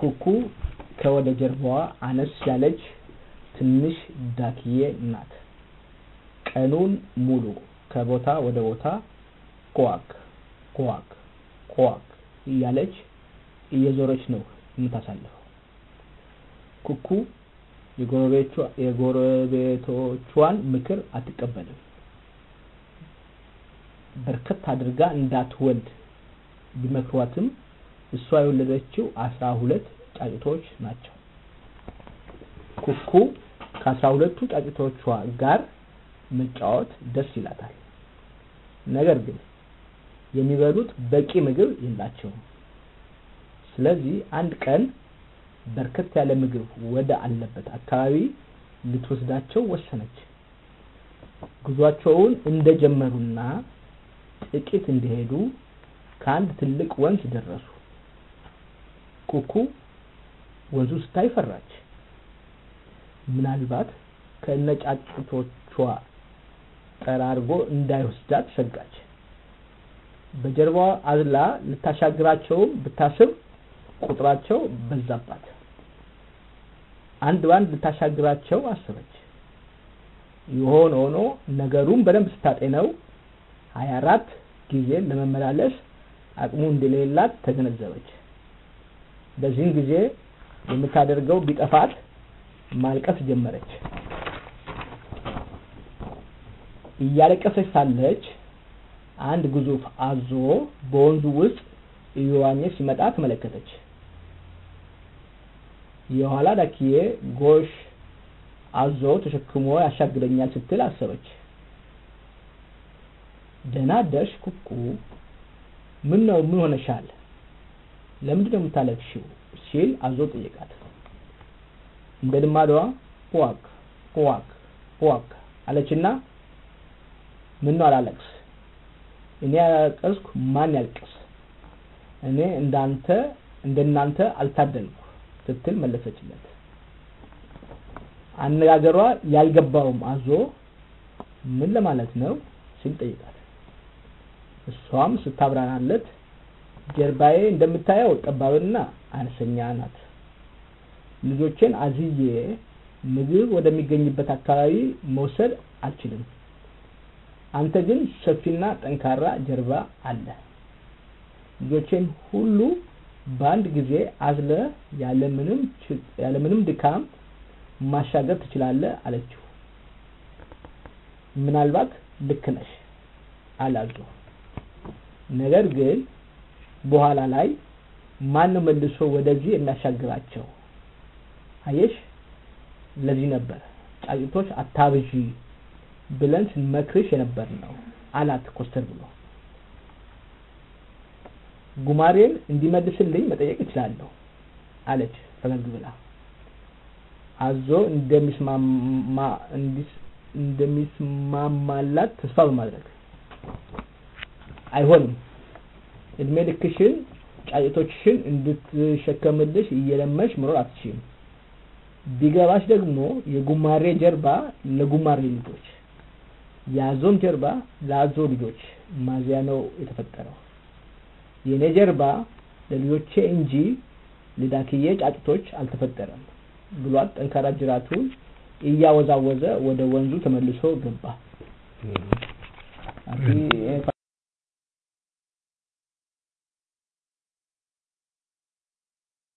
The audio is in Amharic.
ኩኩ ከወደ ጀርባዋ አነስ ያለች ትንሽ ዳክዬ ናት። ቀኑን ሙሉ ከቦታ ወደ ቦታ ኳክ ኳክ ኳክ እያለች እየዞረች ነው የምታሳልፈው። ኩኩ የጎረቤቶቿን ምክር አትቀበልም። በርከት አድርጋ እንዳትወልድ ቢመክሯትም እሷ የወለደችው አስራ ሁለት ጫጩቶች ናቸው። ኩኩ ከአስራ ሁለቱ ጫጩቶቿ ጋር መጫወት ደስ ይላታል። ነገር ግን የሚበሉት በቂ ምግብ የላቸውም። ስለዚህ አንድ ቀን በርከት ያለ ምግብ ወደ አለበት አካባቢ ልትወስዳቸው ወሰነች። ጉዟቸውን እንደጀመሩና ጥቂት እንደሄዱ ከአንድ ትልቅ ወንዝ ደረሱ። ኩኩ ወዙ ስታይ ፈራች ምናልባት ከነጫጩቶቿ ጠራርጎ እንዳይወስዳት ሰጋች በጀርባዋ አዝላ ልታሻግራቸውም ብታስብ ቁጥራቸው በዛባት አንድ ባንድ ልታሻግራቸው አሰበች የሆነ ሆኖ ነገሩን በደንብ ስታጤነው ሀያ አራት ጊዜ ለመመላለስ አቅሙ እንደሌላት ተገነዘበች በዚህን ጊዜ የምታደርገው ቢጠፋት ማልቀስ ጀመረች። እያለቀሰች ሳለች አንድ ግዙፍ አዞ በወንዙ ውስጥ እየዋኘ ሲመጣ ተመለከተች። የኋላ ዳክዬ ጎሽ አዞ ተሸክሞ ያሻግረኛል ስትል አሰበች። ደናደሽ አደርሽ ኩኩ፣ ምን ነው ምን ሆነሻል? ነው የምታለቅሺው ሲል አዞ ጠየቃት። እንደ ልማዷ ፖዋክ ፖዋክ ፖዋክ አለችና ነው አላለቅስ እኔ ያለቀስኩ ማን ያልቅስ እኔ እንዳንተ እንደናንተ አልታደልኩ ስትል መለሰችለት። አነጋገሯ ያልገባውም አዞ ምን ለማለት ነው ሲል ጠይቃት እሷም ስታብራራለት ጀርባዬ እንደምታየው ጠባብና አነስተኛ ናት። ልጆቼን አዝዬ ምግብ ወደሚገኝበት አካባቢ መውሰድ አልችልም። አንተ ግን ሰፊና ጠንካራ ጀርባ አለ። ልጆችን ሁሉ በአንድ ጊዜ አዝለ ያለምንም ድካም ማሻገር ትችላለህ አለችው። ምናልባት ልክ ነሽ አላልኩህ። ነገር ግን በኋላ ላይ ማን መልሶ ወደዚህ እናሻግራቸው አየሽ ለዚህ ነበር ጫጭቶች አታብዢ ብለን ስንመክርሽ ነው አላት ኮስተር ብሎ። ጉማሬን እንዲመልስልኝ መጠየቅ እችላለሁ አለች ፈገግ ብላ። አዞ እንደሚስማማላት ተስፋ በማድረግ አይሆንም እድሜ ልክሽን ጫጩቶችሽን እንድትሸከምልሽ እየለመንሽ መኖር አትችይም። ቢገባሽ ደግሞ የጉማሬ ጀርባ ለጉማሬ ልጆች፣ የአዞም ጀርባ ለአዞ ልጆች ማዚያ ነው የተፈጠረው። የእኔ ጀርባ ለልጆቼ እንጂ ለዳክዬ ጫጩቶች አልተፈጠረም ብሏት ጠንካራ ጅራቱን እያወዛወዘ ወደ ወንዙ ተመልሶ ገባ።